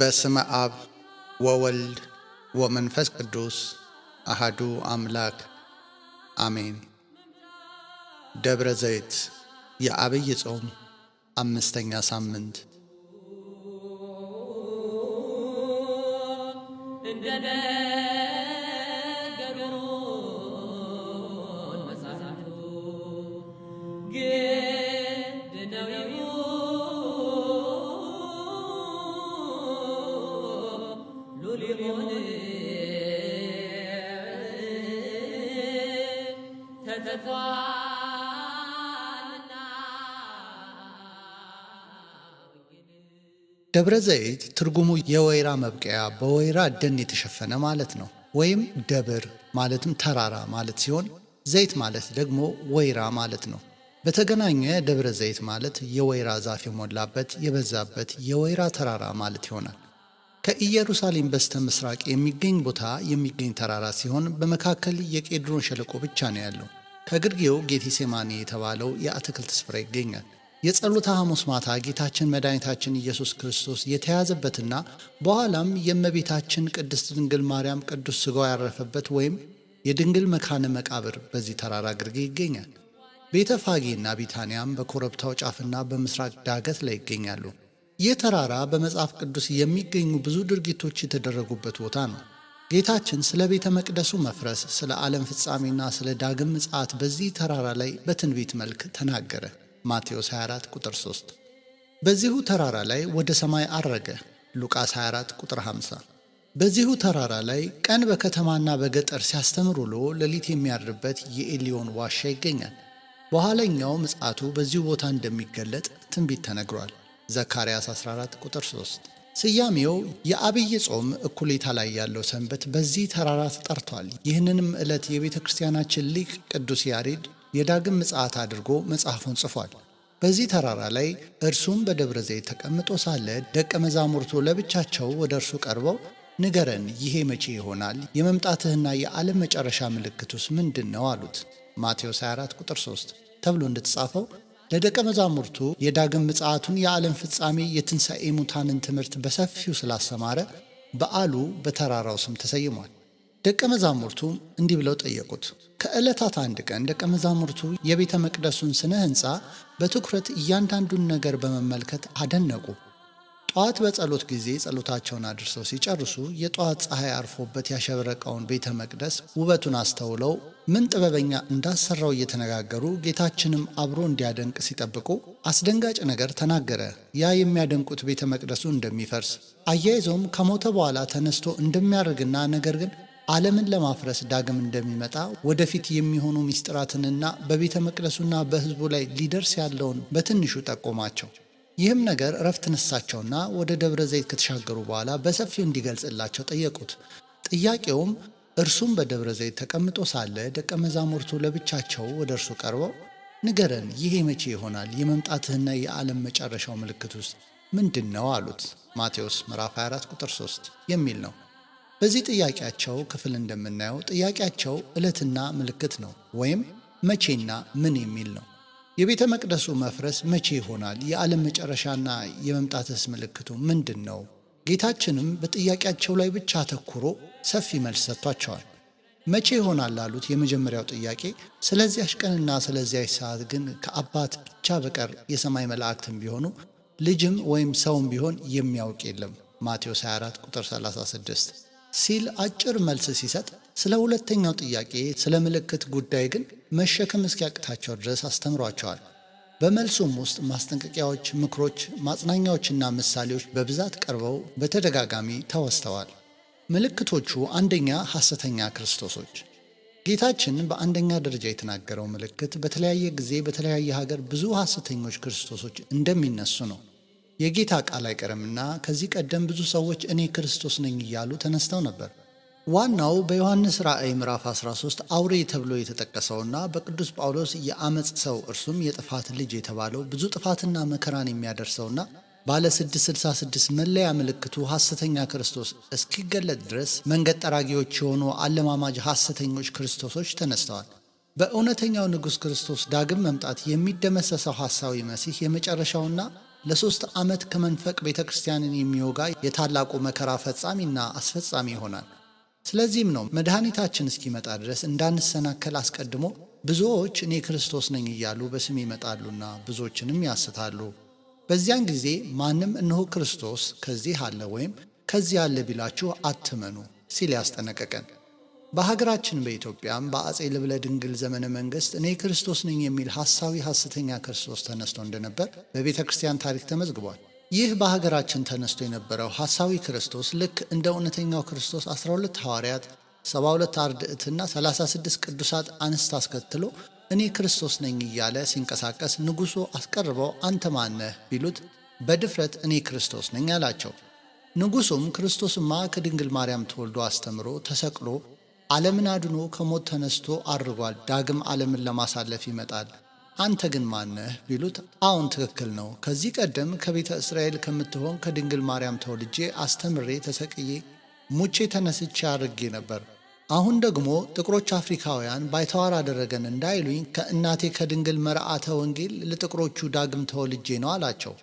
በስመ አብ ወወልድ ወመንፈስ ቅዱስ አሃዱ አምላክ አሜን። ደብረ ዘይት የዐቢይ ጾም አምስተኛ ሳምንት እንደ ደብረ ዘይት ትርጉሙ የወይራ መብቀያ በወይራ ደን የተሸፈነ ማለት ነው። ወይም ደብር ማለትም ተራራ ማለት ሲሆን ዘይት ማለት ደግሞ ወይራ ማለት ነው። በተገናኘ ደብረ ዘይት ማለት የወይራ ዛፍ የሞላበት የበዛበት የወይራ ተራራ ማለት ይሆናል። ከኢየሩሳሌም በስተ ምስራቅ የሚገኝ ቦታ የሚገኝ ተራራ ሲሆን በመካከል የቄድሮን ሸለቆ ብቻ ነው ያለው። ከግርጌው ጌቴሴማኒ የተባለው የአትክልት ስፍራ ይገኛል። የጸሎተ ሐሙስ ማታ ጌታችን መድኃኒታችን ኢየሱስ ክርስቶስ የተያዘበትና በኋላም የእመቤታችን ቅድስት ድንግል ማርያም ቅዱስ ሥጋው ያረፈበት ወይም የድንግል መካነ መቃብር በዚህ ተራራ ግርጌ ይገኛል። ቤተ ፋጌና ቢታንያም በኮረብታው ጫፍና በምስራቅ ዳገት ላይ ይገኛሉ። ይህ ተራራ በመጽሐፍ ቅዱስ የሚገኙ ብዙ ድርጊቶች የተደረጉበት ቦታ ነው። ጌታችን ስለ ቤተ መቅደሱ መፍረስ፣ ስለ ዓለም ፍጻሜና ስለ ዳግም ምጽአት በዚህ ተራራ ላይ በትንቢት መልክ ተናገረ። ማቴዎስ 24 ቁጥር 3። በዚሁ ተራራ ላይ ወደ ሰማይ አረገ ሉቃስ 24 ቁጥር 50። በዚሁ ተራራ ላይ ቀን በከተማና በገጠር ሲያስተምር ውሎ ሌሊት የሚያድርበት የኤሊዮን ዋሻ ይገኛል። በኋለኛው ምጽአቱ በዚሁ ቦታ እንደሚገለጥ ትንቢት ተነግሯል። ዘካርያስ 14 ቁጥር 3። ስያሜው የአብይ ጾም እኩሌታ ላይ ያለው ሰንበት በዚህ ተራራ ተጠርቷል። ይህንንም ዕለት የቤተ ክርስቲያናችን ሊቅ ቅዱስ ያሬድ የዳግም ምጽአት አድርጎ መጽሐፉን ጽፏል። በዚህ ተራራ ላይ እርሱም በደብረ ዘይት ተቀምጦ ሳለ ደቀ መዛሙርቱ ለብቻቸው ወደ እርሱ ቀርበው ንገረን፣ ይሄ መቼ ይሆናል? የመምጣትህና የዓለም መጨረሻ ምልክቱስ ምንድን ነው አሉት። ማቴዎስ 24 ቁጥር 3 ተብሎ እንደተጻፈው ለደቀ መዛሙርቱ የዳግም ምጽአቱን፣ የዓለም ፍጻሜ፣ የትንሣኤ ሙታንን ትምህርት በሰፊው ስላስተማረ በዓሉ በተራራው ስም ተሰይሟል። ደቀ መዛሙርቱ እንዲህ ብለው ጠየቁት። ከዕለታት አንድ ቀን ደቀ መዛሙርቱ የቤተ መቅደሱን ስነ ሕንፃ በትኩረት እያንዳንዱን ነገር በመመልከት አደነቁ። ጠዋት በጸሎት ጊዜ ጸሎታቸውን አድርሰው ሲጨርሱ የጠዋት ፀሐይ አርፎበት ያሸበረቀውን ቤተ መቅደስ ውበቱን አስተውለው ምን ጥበበኛ እንዳሰራው እየተነጋገሩ ጌታችንም አብሮ እንዲያደንቅ ሲጠብቁ አስደንጋጭ ነገር ተናገረ። ያ የሚያደንቁት ቤተ መቅደሱ እንደሚፈርስ አያይዘውም ከሞተ በኋላ ተነስቶ እንደሚያደርግና ነገር ግን ዓለምን ለማፍረስ ዳግም እንደሚመጣ ወደፊት የሚሆኑ ሚስጥራትንና በቤተ መቅደሱና በሕዝቡ ላይ ሊደርስ ያለውን በትንሹ ጠቆማቸው። ይህም ነገር እረፍት ነሳቸውና ወደ ደብረ ዘይት ከተሻገሩ በኋላ በሰፊው እንዲገልጽላቸው ጠየቁት። ጥያቄውም እርሱም በደብረ ዘይት ተቀምጦ ሳለ ደቀ መዛሙርቱ ለብቻቸው ወደ እርሱ ቀርበው ንገረን፣ ይሄ መቼ ይሆናል? የመምጣትህና የዓለም መጨረሻው ምልክት ውስጥ ምንድን ነው አሉት። ማቴዎስ ምዕራፍ 24 ቁጥር 3 የሚል ነው። በዚህ ጥያቄያቸው ክፍል እንደምናየው ጥያቄያቸው ዕለትና ምልክት ነው ወይም መቼና ምን የሚል ነው። የቤተ መቅደሱ መፍረስ መቼ ይሆናል? የዓለም መጨረሻና የመምጣትስ ምልክቱ ምንድን ነው? ጌታችንም በጥያቄያቸው ላይ ብቻ አተኩሮ ሰፊ መልስ ሰጥቷቸዋል። መቼ ይሆናል ላሉት የመጀመሪያው ጥያቄ ስለዚያች ቀንና ስለዚያች ሰዓት ግን ከአባት ብቻ በቀር የሰማይ መላእክትም ቢሆኑ ልጅም ወይም ሰውም ቢሆን የሚያውቅ የለም ማቴዎስ 24 ቁጥር 36 ሲል አጭር መልስ ሲሰጥ ስለ ሁለተኛው ጥያቄ ስለ ምልክት ጉዳይ ግን መሸከም እስኪያቅታቸው ድረስ አስተምሯቸዋል። በመልሱም ውስጥ ማስጠንቀቂያዎች፣ ምክሮች፣ ማጽናኛዎችና ምሳሌዎች በብዛት ቀርበው በተደጋጋሚ ተወስተዋል። ምልክቶቹ አንደኛ ሐሰተኛ ክርስቶሶች ጌታችን በአንደኛ ደረጃ የተናገረው ምልክት በተለያየ ጊዜ በተለያየ ሀገር ብዙ ሐሰተኞች ክርስቶሶች እንደሚነሱ ነው። የጌታ ቃል አይቀርምና ከዚህ ቀደም ብዙ ሰዎች እኔ ክርስቶስ ነኝ እያሉ ተነስተው ነበር። ዋናው በዮሐንስ ራእይ ምዕራፍ 13 አውሬ ተብሎ የተጠቀሰውና በቅዱስ ጳውሎስ የአመፅ ሰው እርሱም የጥፋት ልጅ የተባለው ብዙ ጥፋትና መከራን የሚያደርሰውና ባለ 666 መለያ ምልክቱ ሐሰተኛ ክርስቶስ እስኪገለጥ ድረስ መንገድ ጠራጊዎች የሆኑ አለማማጅ ሐሰተኞች ክርስቶሶች ተነስተዋል። በእውነተኛው ንጉሥ ክርስቶስ ዳግም መምጣት የሚደመሰሰው ሐሳዊ መሲህ የመጨረሻውና ለሶስት ዓመት ከመንፈቅ ቤተ ክርስቲያንን የሚወጋ የታላቁ መከራ ፈጻሚና አስፈጻሚ ይሆናል። ስለዚህም ነው መድኃኒታችን እስኪመጣ ድረስ እንዳንሰናከል አስቀድሞ ብዙዎች እኔ ክርስቶስ ነኝ እያሉ በስም ይመጣሉና ብዙዎችንም ያስታሉ። በዚያን ጊዜ ማንም እነሆ ክርስቶስ ከዚህ አለ ወይም ከዚህ አለ ቢላችሁ አትመኑ ሲል ያስጠነቀቀን በሀገራችን በኢትዮጵያም በአጼ ልብለ ድንግል ዘመነ መንግስት እኔ ክርስቶስ ነኝ የሚል ሐሳዊ ሐሰተኛ ክርስቶስ ተነስቶ እንደነበር በቤተ ክርስቲያን ታሪክ ተመዝግቧል። ይህ በሀገራችን ተነስቶ የነበረው ሐሳዊ ክርስቶስ ልክ እንደ እውነተኛው ክርስቶስ 12 ሐዋርያት፣ 72 አርድእትና 36 ቅዱሳት አንስት አስከትሎ እኔ ክርስቶስ ነኝ እያለ ሲንቀሳቀስ ንጉሡ አስቀርበው አንተ ማነህ ቢሉት በድፍረት እኔ ክርስቶስ ነኝ አላቸው። ንጉሡም ክርስቶስማ ከድንግል ማርያም ተወልዶ አስተምሮ ተሰቅሎ ዓለምን አድኖ ከሞት ተነስቶ አድርጓል። ዳግም ዓለምን ለማሳለፍ ይመጣል። አንተ ግን ማነህ ቢሉት፣ አሁን ትክክል ነው። ከዚህ ቀደም ከቤተ እስራኤል ከምትሆን ከድንግል ማርያም ተወልጄ አስተምሬ ተሰቅዬ ሙቼ ተነስቼ አድርጌ ነበር። አሁን ደግሞ ጥቁሮች አፍሪካውያን ባይተዋር አደረገን እንዳይሉኝ ከእናቴ ከድንግል መርአተ ወንጌል ለጥቁሮቹ ዳግም ተወልጄ ነው አላቸው።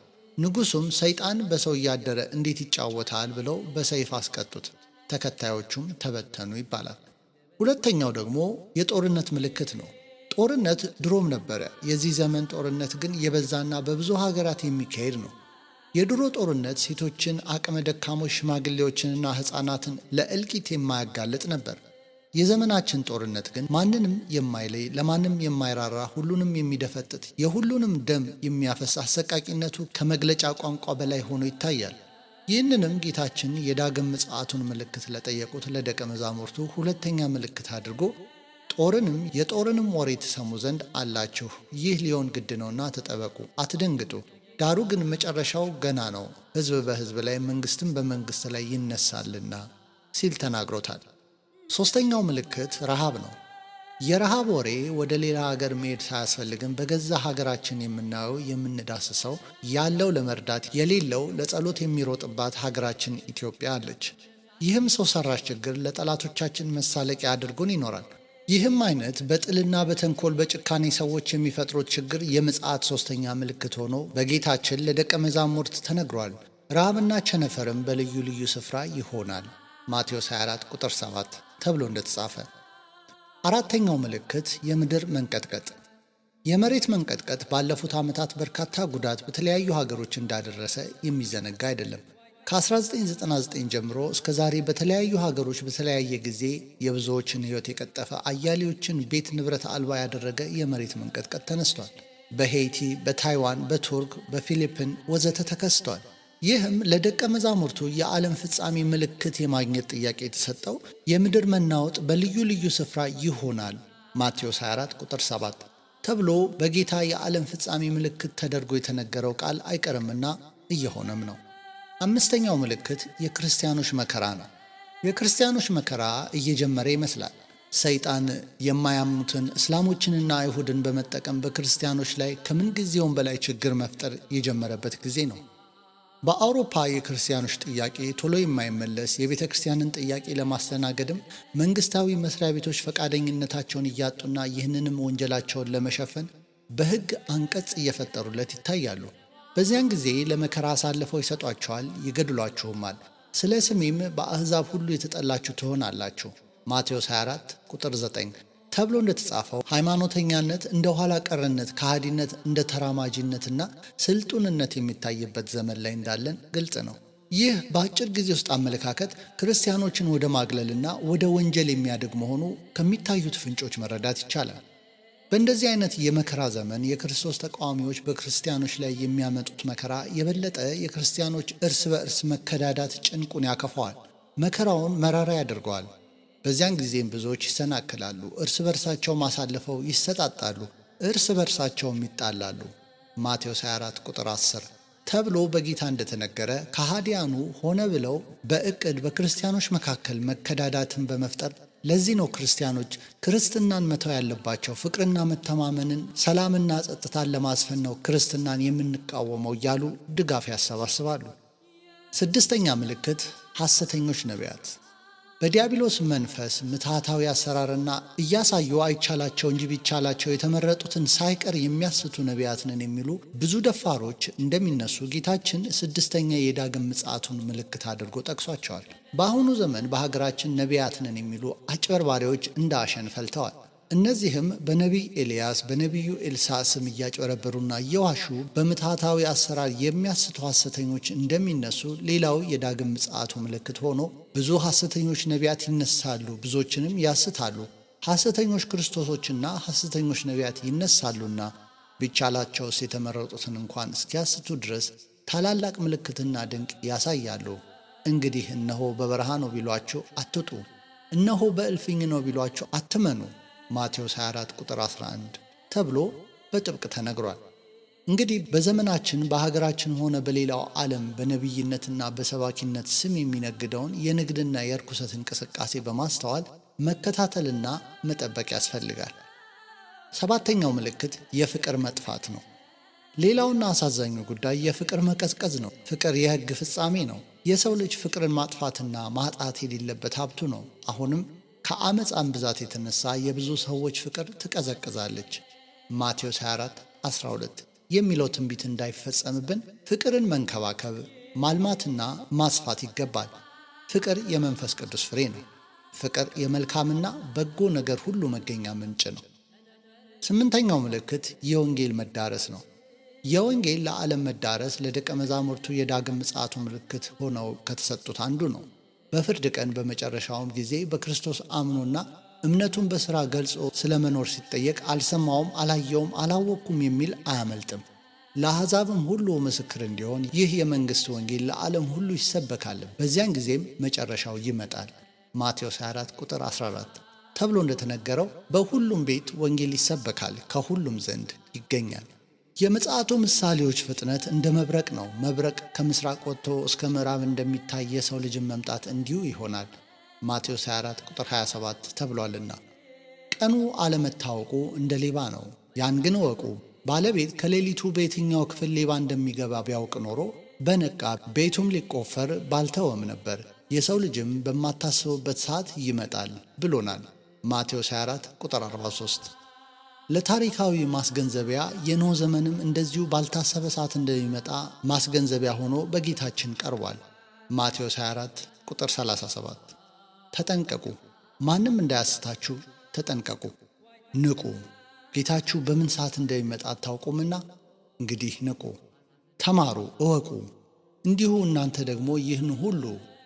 ንጉሱም ሰይጣን በሰው እያደረ እንዴት ይጫወታል ብለው በሰይፍ አስቀጡት። ተከታዮቹም ተበተኑ ይባላል። ሁለተኛው ደግሞ የጦርነት ምልክት ነው። ጦርነት ድሮም ነበረ። የዚህ ዘመን ጦርነት ግን የበዛና በብዙ ሀገራት የሚካሄድ ነው። የድሮ ጦርነት ሴቶችን፣ አቅመ ደካሞች፣ ሽማግሌዎችንና ሕፃናትን ለእልቂት የማያጋልጥ ነበር። የዘመናችን ጦርነት ግን ማንንም የማይለይ ለማንም የማይራራ ሁሉንም የሚደፈጥጥ የሁሉንም ደም የሚያፈስ አሰቃቂነቱ ከመግለጫ ቋንቋ በላይ ሆኖ ይታያል። ይህንንም ጌታችን የዳግም ምጽአቱን ምልክት ለጠየቁት ለደቀ መዛሙርቱ ሁለተኛ ምልክት አድርጎ ጦርንም የጦርንም ወሬ ትሰሙ ዘንድ አላችሁ፣ ይህ ሊሆን ግድ ነውና ተጠበቁ፣ አትደንግጡ። ዳሩ ግን መጨረሻው ገና ነው፣ ሕዝብ በሕዝብ ላይ መንግሥትም በመንግሥት ላይ ይነሳልና ሲል ተናግሮታል። ሦስተኛው ምልክት ረሃብ ነው። የረሃብ ወሬ ወደ ሌላ ሀገር መሄድ ሳያስፈልግን በገዛ ሀገራችን የምናየው የምንዳስሰው ያለው ለመርዳት የሌለው ለጸሎት የሚሮጥባት ሀገራችን ኢትዮጵያ አለች። ይህም ሰው ሰራሽ ችግር ለጠላቶቻችን መሳለቂያ አድርጎን ይኖራል። ይህም አይነት በጥልና በተንኮል በጭካኔ ሰዎች የሚፈጥሩት ችግር የምጽአት ሶስተኛ ምልክት ሆኖ በጌታችን ለደቀ መዛሙርት ተነግሯል። ረሃብና ቸነፈርም በልዩ ልዩ ስፍራ ይሆናል ማቴዎስ 24 ቁጥር 7 ተብሎ እንደተጻፈ አራተኛው ምልክት የምድር መንቀጥቀጥ የመሬት መንቀጥቀጥ ባለፉት ዓመታት በርካታ ጉዳት በተለያዩ ሀገሮች እንዳደረሰ የሚዘነጋ አይደለም። ከ1999 ጀምሮ እስከ ዛሬ በተለያዩ ሀገሮች በተለያየ ጊዜ የብዙዎችን ሕይወት የቀጠፈ አያሌዎችን ቤት ንብረት አልባ ያደረገ የመሬት መንቀጥቀጥ ተነስቷል። በሄይቲ፣ በታይዋን፣ በቱርክ፣ በፊሊፒን ወዘተ ተከስቷል። ይህም ለደቀ መዛሙርቱ የዓለም ፍጻሜ ምልክት የማግኘት ጥያቄ የተሰጠው የምድር መናወጥ በልዩ ልዩ ስፍራ ይሆናል ማቴዎስ 24 ቁጥር 7 ተብሎ በጌታ የዓለም ፍጻሜ ምልክት ተደርጎ የተነገረው ቃል አይቀርምና እየሆነም ነው። አምስተኛው ምልክት የክርስቲያኖች መከራ ነው። የክርስቲያኖች መከራ እየጀመረ ይመስላል። ሰይጣን የማያምኑትን እስላሞችንና አይሁድን በመጠቀም በክርስቲያኖች ላይ ከምንጊዜውም በላይ ችግር መፍጠር የጀመረበት ጊዜ ነው። በአውሮፓ የክርስቲያኖች ጥያቄ ቶሎ የማይመለስ የቤተ ክርስቲያንን ጥያቄ ለማስተናገድም መንግስታዊ መስሪያ ቤቶች ፈቃደኝነታቸውን እያጡና ይህንንም ወንጀላቸውን ለመሸፈን በህግ አንቀጽ እየፈጠሩለት ይታያሉ። በዚያን ጊዜ ለመከራ አሳልፈው ይሰጧቸዋል፣ ይገድሏችሁማል። ስለ ስሜም በአሕዛብ ሁሉ የተጠላችሁ ትሆናላችሁ። ማቴዎስ 24 ቁጥር 9 ተብሎ እንደተጻፈው ሃይማኖተኛነት እንደ ኋላ ቀርነት፣ ከሃዲነት እንደ ተራማጅነትና ስልጡንነት የሚታይበት ዘመን ላይ እንዳለን ግልጽ ነው። ይህ በአጭር ጊዜ ውስጥ አመለካከት ክርስቲያኖችን ወደ ማግለልና ወደ ወንጀል የሚያደግ መሆኑ ከሚታዩት ፍንጮች መረዳት ይቻላል። በእንደዚህ አይነት የመከራ ዘመን የክርስቶስ ተቃዋሚዎች በክርስቲያኖች ላይ የሚያመጡት መከራ የበለጠ የክርስቲያኖች እርስ በእርስ መከዳዳት ጭንቁን ያከፈዋል፣ መከራውን መራራ ያደርገዋል። በዚያን ጊዜም ብዙዎች ይሰናክላሉ፣ እርስ በርሳቸውም አሳልፈው ይሰጣጣሉ፣ እርስ በርሳቸውም ይጣላሉ። ማቴዎስ 24 ቁጥር 10 ተብሎ በጌታ እንደተነገረ ከሃዲያኑ ሆነ ብለው በእቅድ በክርስቲያኖች መካከል መከዳዳትን በመፍጠር ለዚህ ነው ክርስቲያኖች ክርስትናን መተው ያለባቸው። ፍቅርና መተማመንን፣ ሰላምና ጸጥታን ለማስፈን ነው ክርስትናን የምንቃወመው እያሉ ድጋፍ ያሰባስባሉ። ስድስተኛ ምልክት ሐሰተኞች ነቢያት በዲያብሎስ መንፈስ ምትሃታዊ አሰራርና እያሳዩ አይቻላቸው እንጂ ቢቻላቸው የተመረጡትን ሳይቀር የሚያስቱ ነቢያት ነን የሚሉ ብዙ ደፋሮች እንደሚነሱ ጌታችን ስድስተኛ የዳግም ምጽአቱን ምልክት አድርጎ ጠቅሷቸዋል። በአሁኑ ዘመን በሀገራችን ነቢያት ነን የሚሉ አጭበርባሪዎች እንደ አሸን ፈልተዋል። እነዚህም በነቢይ ኤልያስ በነቢዩ ኤልሳ ስም እያጭበረበሩና እየዋሹ በምትሃታዊ አሰራር የሚያስቱ ሐሰተኞች እንደሚነሱ ሌላው የዳግም ምጽአቱ ምልክት ሆኖ ብዙ ሐሰተኞች ነቢያት ይነሳሉ፣ ብዙዎችንም ያስታሉ። ሐሰተኞች ክርስቶሶችና ሐሰተኞች ነቢያት ይነሳሉና ቢቻላቸውስ የተመረጡትን እንኳን እስኪያስቱ ድረስ ታላላቅ ምልክትና ድንቅ ያሳያሉ። እንግዲህ እነሆ በበረሃ ነው ቢሏችሁ አትጡ፣ እነሆ በእልፍኝ ነው ቢሏችሁ አትመኑ። ማቴዎስ 24 ቁጥር 11 ተብሎ በጥብቅ ተነግሯል። እንግዲህ በዘመናችን በሀገራችን ሆነ በሌላው ዓለም በነቢይነትና በሰባኪነት ስም የሚነግደውን የንግድና የርኩሰት እንቅስቃሴ በማስተዋል መከታተልና መጠበቅ ያስፈልጋል። ሰባተኛው ምልክት የፍቅር መጥፋት ነው። ሌላውና አሳዛኙ ጉዳይ የፍቅር መቀዝቀዝ ነው። ፍቅር የሕግ ፍጻሜ ነው። የሰው ልጅ ፍቅርን ማጥፋትና ማጣት የሌለበት ሀብቱ ነው። አሁንም ከአመፃን ብዛት የተነሳ የብዙ ሰዎች ፍቅር ትቀዘቅዛለች። ማቴዎስ 24 12 የሚለው ትንቢት እንዳይፈጸምብን ፍቅርን መንከባከብ ማልማትና ማስፋት ይገባል። ፍቅር የመንፈስ ቅዱስ ፍሬ ነው። ፍቅር የመልካምና በጎ ነገር ሁሉ መገኛ ምንጭ ነው። ስምንተኛው ምልክት የወንጌል መዳረስ ነው። የወንጌል ለዓለም መዳረስ ለደቀ መዛሙርቱ የዳግም ምጽአቱ ምልክት ሆነው ከተሰጡት አንዱ ነው። በፍርድ ቀን በመጨረሻውም ጊዜ በክርስቶስ አምኖና እምነቱን በሥራ ገልጾ ስለ መኖር ሲጠየቅ አልሰማውም፣ አላየውም፣ አላወቅኩም የሚል አያመልጥም። ለአሕዛብም ሁሉ ምስክር እንዲሆን ይህ የመንግሥት ወንጌል ለዓለም ሁሉ ይሰበካል፣ በዚያን ጊዜም መጨረሻው ይመጣል ማቴዎስ 24 ቁጥር 14 ተብሎ እንደተነገረው በሁሉም ቤት ወንጌል ይሰበካል፣ ከሁሉም ዘንድ ይገኛል። የምጽአቱ ምሳሌዎች ፍጥነት እንደ መብረቅ ነው። መብረቅ ከምስራቅ ወጥቶ እስከ ምዕራብ እንደሚታይ የሰው ልጅን መምጣት እንዲሁ ይሆናል ማቴዎስ 24 ቁጥር 27 ተብሏልና። ቀኑ አለመታወቁ እንደ ሌባ ነው። ያን ግን እወቁ፣ ባለቤት ከሌሊቱ በየትኛው ክፍል ሌባ እንደሚገባ ቢያውቅ ኖሮ በነቃ ቤቱም ሊቆፈር ባልተወም ነበር። የሰው ልጅም በማታስቡበት ሰዓት ይመጣል ብሎናል ማቴዎስ 24 ቁጥር 43 ለታሪካዊ ማስገንዘቢያ የኖ ዘመንም እንደዚሁ ባልታሰበ ሰዓት እንደሚመጣ ማስገንዘቢያ ሆኖ በጌታችን ቀርቧል። ማቴዎስ 24 ቁጥር 37 ተጠንቀቁ፣ ማንም እንዳያስታችሁ ተጠንቀቁ፣ ንቁ፣ ጌታችሁ በምን ሰዓት እንደሚመጣ አታውቁምና እንግዲህ ንቁ፣ ተማሩ፣ እወቁ። እንዲሁ እናንተ ደግሞ ይህን ሁሉ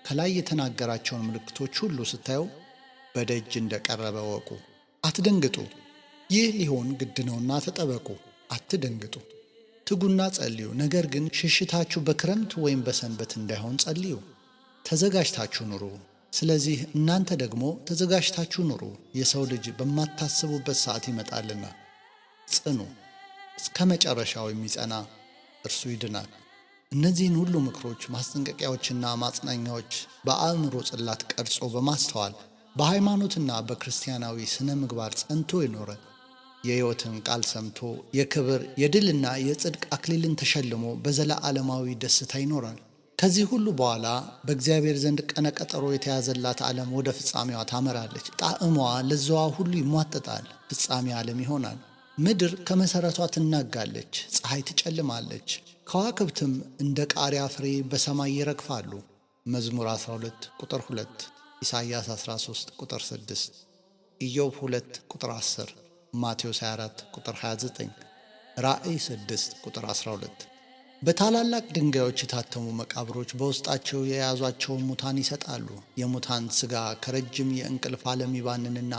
ከላይ የተናገራቸውን ምልክቶች ሁሉ ስታዩ በደጅ እንደቀረበ እወቁ። አትደንግጡ ይህ ሊሆን ግድ ነውና ተጠበቁ፣ አትደንግጡ። ትጉና ጸልዩ። ነገር ግን ሽሽታችሁ በክረምት ወይም በሰንበት እንዳይሆን ጸልዩ፣ ተዘጋጅታችሁ ኑሩ። ስለዚህ እናንተ ደግሞ ተዘጋጅታችሁ ኑሩ፣ የሰው ልጅ በማታስቡበት ሰዓት ይመጣልና። ጽኑ፣ እስከ መጨረሻው የሚጸና እርሱ ይድናል። እነዚህን ሁሉ ምክሮች፣ ማስጠንቀቂያዎችና ማጽናኛዎች በአእምሮ ጽላት ቀርጾ በማስተዋል በሃይማኖትና በክርስቲያናዊ ስነ ምግባር ጸንቶ ይኖረን። የሕይወትን ቃል ሰምቶ የክብር የድልና የጽድቅ አክሊልን ተሸልሞ በዘላ ዓለማዊ ደስታ ይኖራል። ከዚህ ሁሉ በኋላ በእግዚአብሔር ዘንድ ቀነቀጠሮ የተያዘላት ዓለም ወደ ፍጻሜዋ ታመራለች። ጣዕሟ፣ ለዛዋ ሁሉ ይሟጠጣል። ፍጻሜ ዓለም ይሆናል። ምድር ከመሠረቷ ትናጋለች፣ ፀሐይ ትጨልማለች፣ ከዋክብትም እንደ ቃሪያ ፍሬ በሰማይ ይረግፋሉ። መዝሙር 12 ቁጥር 2፣ ኢሳይያስ 13 ቁጥር 6፣ ኢዮብ 2 ቁጥር 10 ማቴዎስ 24 ቁጥር 29፣ ራእይ 6 ቁጥር 12። በታላላቅ ድንጋዮች የታተሙ መቃብሮች በውስጣቸው የያዟቸውን ሙታን ይሰጣሉ። የሙታን ሥጋ ከረጅም የእንቅልፍ ዓለም ይባንንና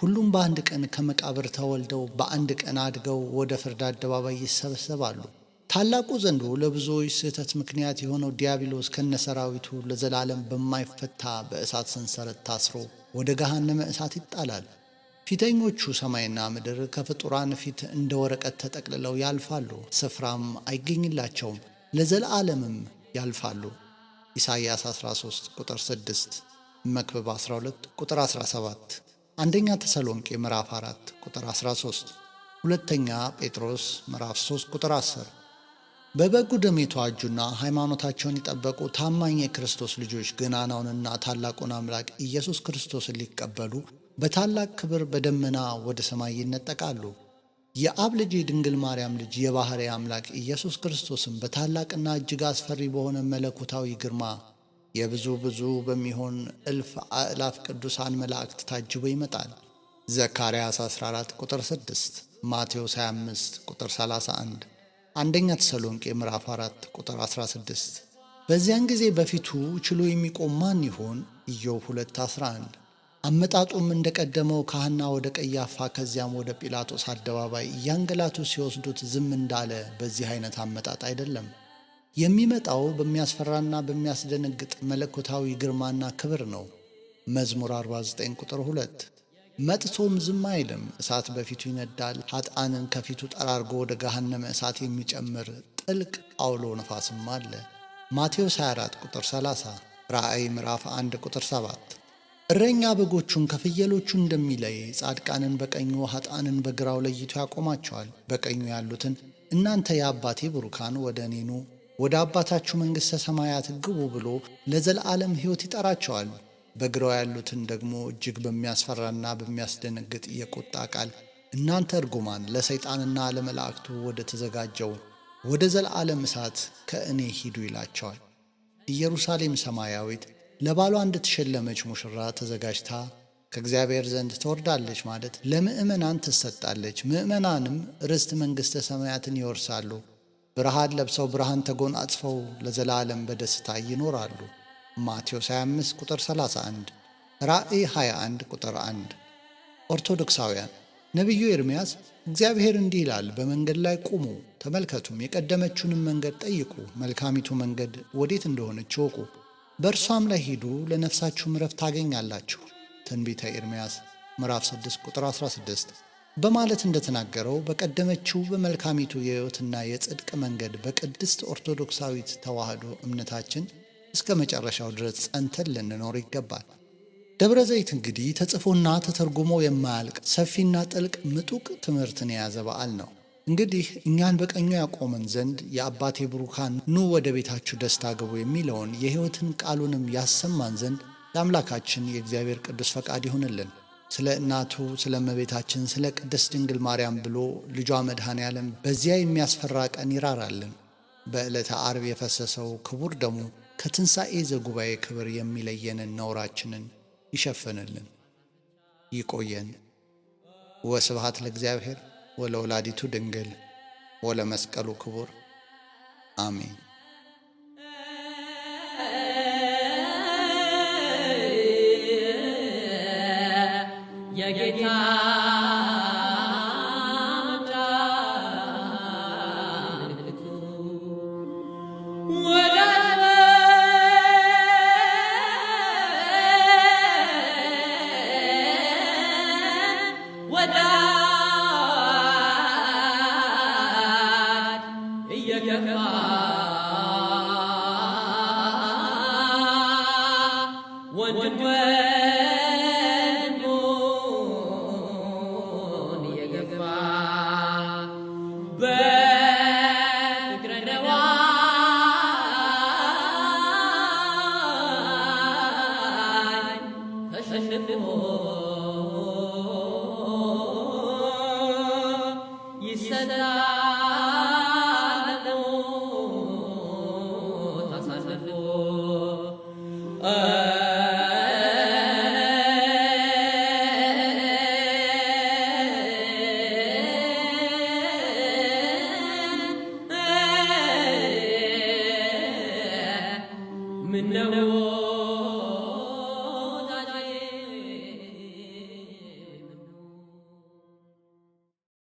ሁሉም በአንድ ቀን ከመቃብር ተወልደው በአንድ ቀን አድገው ወደ ፍርድ አደባባይ ይሰበሰባሉ። ታላቁ ዘንዶ ለብዙዎች ስህተት ምክንያት የሆነው ዲያብሎስ ከነሰራዊቱ ለዘላለም በማይፈታ በእሳት ሰንሰለት ታስሮ ወደ ገሃነመ እሳት ይጣላል። ፊተኞቹ ሰማይና ምድር ከፍጡራን ፊት እንደ ወረቀት ተጠቅልለው ያልፋሉ፣ ስፍራም አይገኝላቸውም፣ ለዘለዓለምም ያልፋሉ። ኢሳይያስ 13 ቁጥር 6፣ መክብብ 12 ቁጥር 17፣ አንደኛ ተሰሎንቄ ምዕራፍ 4 ቁጥር 13፣ ሁለተኛ ጴጥሮስ ምዕራፍ 3 ቁጥር 10። በበጉ ደም የተዋጁና ሃይማኖታቸውን የጠበቁ ታማኝ የክርስቶስ ልጆች ገናናውንና ታላቁን አምላክ ኢየሱስ ክርስቶስን ሊቀበሉ በታላቅ ክብር በደመና ወደ ሰማይ ይነጠቃሉ። የአብ ልጅ የድንግል ማርያም ልጅ የባህር አምላክ ኢየሱስ ክርስቶስም በታላቅና እጅግ አስፈሪ በሆነ መለኮታዊ ግርማ የብዙ ብዙ በሚሆን እልፍ አእላፍ ቅዱሳን መላእክት ታጅቦ ይመጣል። ዘካርያስ 14 ቁጥር 6፣ ማቴዎስ 25 ቁጥር 31፣ አንደኛ ተሰሎንቄ ምዕራፍ 4 ቁጥር 16። በዚያን ጊዜ በፊቱ ችሎ የሚቆም ማን ይሆን? ኢዮብ 2 11 አመጣጡም እንደቀደመው ካህና ወደ ቀያፋ ከዚያም ወደ ጲላጦስ አደባባይ እያንገላቱ ሲወስዱት ዝም እንዳለ በዚህ አይነት አመጣጥ አይደለም። የሚመጣው በሚያስፈራና በሚያስደነግጥ መለኮታዊ ግርማና ክብር ነው። መዝሙር 49 ቁጥር 2 መጥቶም ዝም አይልም። እሳት በፊቱ ይነዳል፣ ኃጥአንን ከፊቱ ጠራርጎ ወደ ገሃነመ እሳት የሚጨምር ጥልቅ አውሎ ነፋስም አለ። ማቴዎስ 24 ቁጥር 30፣ ራእይ ምዕራፍ 1 ቁጥር 7 እረኛ በጎቹን ከፍየሎቹ እንደሚለይ ጻድቃንን በቀኙ ኃጥአንን በግራው ለይቶ ያቆማቸዋል። በቀኙ ያሉትን እናንተ የአባቴ ብሩካን ወደ እኔኑ ወደ አባታችሁ መንግሥተ ሰማያት ግቡ ብሎ ለዘላለም ሕይወት ይጠራቸዋል። በግራው ያሉትን ደግሞ እጅግ በሚያስፈራና በሚያስደነግጥ የቁጣ ቃል እናንተ እርጉማን ለሰይጣንና ለመላእክቱ ወደ ተዘጋጀው ወደ ዘላለም እሳት ከእኔ ሂዱ ይላቸዋል። ኢየሩሳሌም ሰማያዊት ለባሏ እንደተሸለመች ሙሽራ ተዘጋጅታ ከእግዚአብሔር ዘንድ ትወርዳለች ማለት ለምእመናን ትሰጣለች። ምእመናንም ርስት መንግሥተ ሰማያትን ይወርሳሉ። ብርሃን ለብሰው ብርሃን ተጎናጽፈው ለዘላለም በደስታ ይኖራሉ። ማቴዎስ 25 ቁጥር 31፣ ራእይ 21 ቁጥር 1። ኦርቶዶክሳውያን ነቢዩ ኤርምያስ እግዚአብሔር እንዲህ ይላል፣ በመንገድ ላይ ቁሙ ተመልከቱም፣ የቀደመችውንም መንገድ ጠይቁ፣ መልካሚቱ መንገድ ወዴት እንደሆነች እወቁ በእርሷም ላይ ሂዱ ለነፍሳችሁም ረፍት ታገኛላችሁ ትንቢተ ኤርምያስ ምዕራፍ 6 ቁጥር 16 በማለት እንደተናገረው በቀደመችው በመልካሚቱ የሕይወትና የጽድቅ መንገድ በቅድስት ኦርቶዶክሳዊት ተዋህዶ እምነታችን እስከ መጨረሻው ድረስ ጸንተን ልንኖር ይገባል። ደብረ ዘይት እንግዲህ ተጽፎና ተተርጉሞ የማያልቅ ሰፊና ጥልቅ ምጡቅ ትምህርትን የያዘ በዓል ነው። እንግዲህ እኛን በቀኙ ያቆመን ዘንድ የአባቴ ብሩካን ኑ ወደ ቤታችሁ ደስታ ግቡ የሚለውን የሕይወትን ቃሉንም ያሰማን ዘንድ የአምላካችን የእግዚአብሔር ቅዱስ ፈቃድ ይሁንልን። ስለ እናቱ ስለ እመቤታችን ስለ ቅድስት ድንግል ማርያም ብሎ ልጇ መድኃኔ ዓለም በዚያ የሚያስፈራ ቀን ይራራልን። በዕለተ አርብ የፈሰሰው ክቡር ደሙ ከትንሣኤ ዘጉባኤ ክብር የሚለየንን ነውራችንን ይሸፍንልን። ይቆየን። ወስብሐት ለእግዚአብሔር። ወለወላዲቱ ድንግል ወለመስቀሉ ክቡር አሜን። የጌታ كشفوا